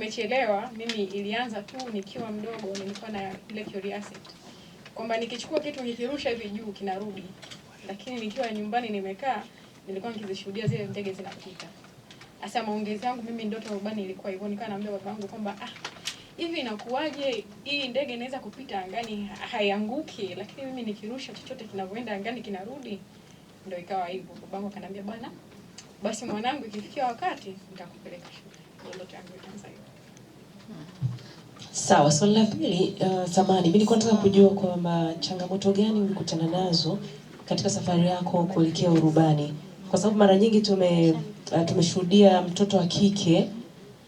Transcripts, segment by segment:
Nimechelewa mimi, ilianza tu nikiwa mdogo, nilikuwa na ile curiosity kwamba nikichukua kitu nikirusha hivi juu kinarudi, lakini nikiwa nyumbani nimekaa, nilikuwa nikizishuhudia zile ndege zinapita. Hasa maongezi yangu mimi, ndoto rubani ilikuwa hivyo, nikawa naambia baba yangu kwamba ah, hivi inakuwaje hii ndege inaweza kupita angani haianguki, lakini mimi nikirusha chochote kinavyoenda angani kinarudi. Ndio ikawa hivyo, babangu akaniambia, bwana, basi mwanangu, ikifikia wakati nitakupeleka shule. ndoto yangu ikaanza hivyo. Sawa, swali la pili uh, mimi nilikuwa nataka kujua kwamba changamoto gani ulikutana nazo katika safari yako kuelekea urubani, kwa sababu mara nyingi tume uh, tumeshuhudia mtoto wa kike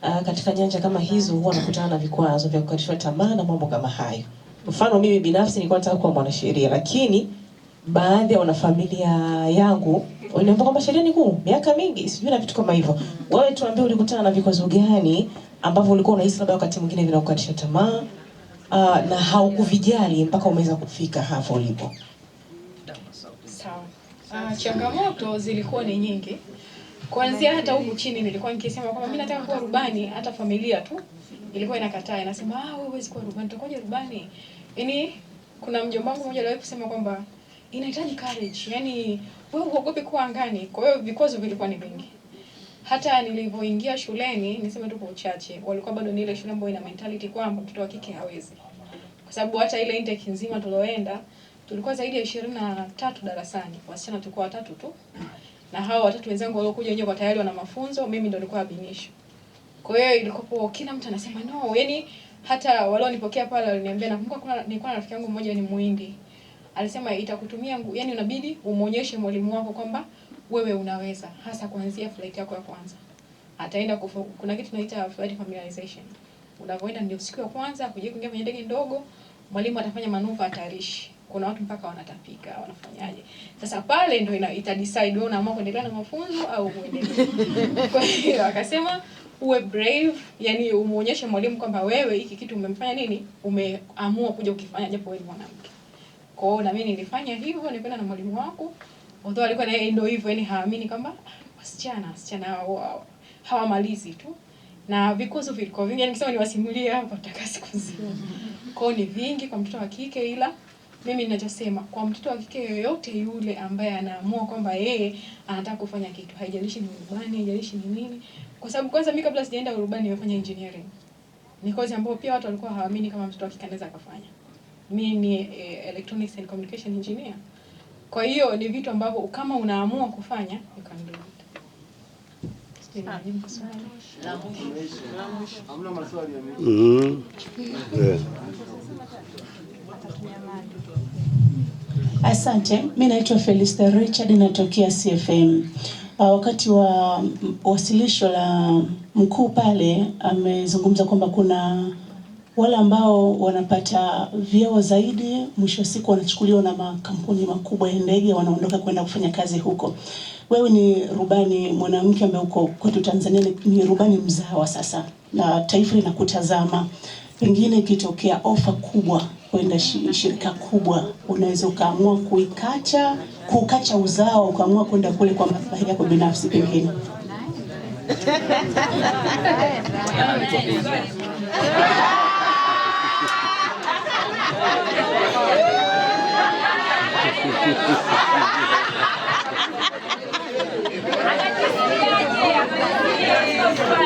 uh, katika nyanja kama hizo huwa anakutana na vikwazo vya kukatishwa tamaa na mambo kama hayo. Mfano, mimi binafsi nilikuwa nataka kuwa mwanasheria, lakini baadhi ya wanafamilia yangu waliambia kwamba sheria ni kuu miaka mingi, sijui na vitu kama hivyo. Wewe tuambie, ulikutana na vikwazo gani ambavyo ulikuwa unahisi labda wakati mwingine vinakukatisha tamaa uh, na haukuvijali mpaka umeweza kufika hapo ulipo. Uh, changamoto zilikuwa ni nyingi kuanzia hata huku chini nilikuwa nikisema kwamba mimi nataka kuwa rubani, hata familia tu ilikuwa inakataa, inasema ah, wewe huwezi kuwa rubani, utakuwaje rubani? Yaani kuna mjomba wangu mmoja aliwahi kusema kwamba inahitaji courage, yaani wewe huogopi kuwa angani. Kwa hiyo vikwazo vilikuwa ni vingi hata nilivyoingia shuleni, niseme tu kwa uchache, walikuwa bado ni ile shule ambayo ina mentality kwamba mtoto wa kike hawezi, kwa sababu hata ile intake nzima tulioenda tulikuwa zaidi ya ishirini na tatu darasani, wasichana tulikuwa watatu tu, na hao watatu wenzangu waliokuja wenyewe kwa tayari wana mafunzo, mimi ndo nilikuwa abinisho. Kwa hiyo ilikuwa kila mtu anasema no, yani hata walionipokea pale waliniambia, nakumbuka kuna nilikuwa na rafiki yangu mmoja ni yaani Muhindi, alisema itakutumia, yani unabidi umuonyeshe mwalimu wako kwamba wewe unaweza, hasa kuanzia flight yako ya kwanza. Ataenda kufu, kuna kitu tunaita flight familiarization. Unavyoenda ndio siku ya kwanza kuja kuingia kwenye ndege ndogo, mwalimu atafanya manuva hatarishi. Kuna watu mpaka wanatapika, wanafanyaje? Sasa pale ndio ina ita decide wewe unaamua kuendelea na mafunzo au uendelee. Kwa hiyo akasema uwe brave, yani umuonyeshe mwalimu kwamba wewe hiki kitu umemfanya nini, umeamua kuja ukifanya, japo wewe ni mwanamke. Kwa hiyo na mimi nilifanya hivyo, nilikwenda na mwalimu wangu although alikuwa na yeye ndio hivyo, yani haamini kwamba wasichana wasichana wao hawamalizi tu, na vikwazo vilikuwa vingi, yani kisema niwasimulie hapa utakaa siku nzima. Mm-hmm. Kwao ni vingi kwa mtoto wa kike, ila mimi ninachosema kwa mtoto wa kike yoyote yule ambaye anaamua kwamba yeye anataka kufanya kitu, haijalishi ni urubani, haijalishi ni nini, kwa sababu kwanza mimi kabla sijaenda urubani nimefanya engineering, ni kozi ambayo pia watu walikuwa hawaamini kama mtoto wa kike anaweza akafanya. Mimi ni eh, electronics and communication engineer kwa hiyo ni vitu ambavyo kama unaamua kufanya you can do it. Mm-hmm. Asante, mi naitwa Felista Richard natokea CFM. Uh, wakati wa wasilisho la mkuu pale amezungumza kwamba kuna wale ambao wanapata vyeo zaidi, mwisho wa siku wanachukuliwa na makampuni makubwa ya ndege, wanaondoka kwenda kufanya kazi huko. Wewe ni rubani mwanamke ambaye uko kwetu Tanzania, ni rubani mzawa sasa, na taifa linakutazama, pengine ikitokea ofa kubwa kwenda shirika kubwa, unaweza ukaamua kuikacha, kukacha uzao, ukaamua kwenda kule kwa maslahi yako binafsi pengine Она не святая, она не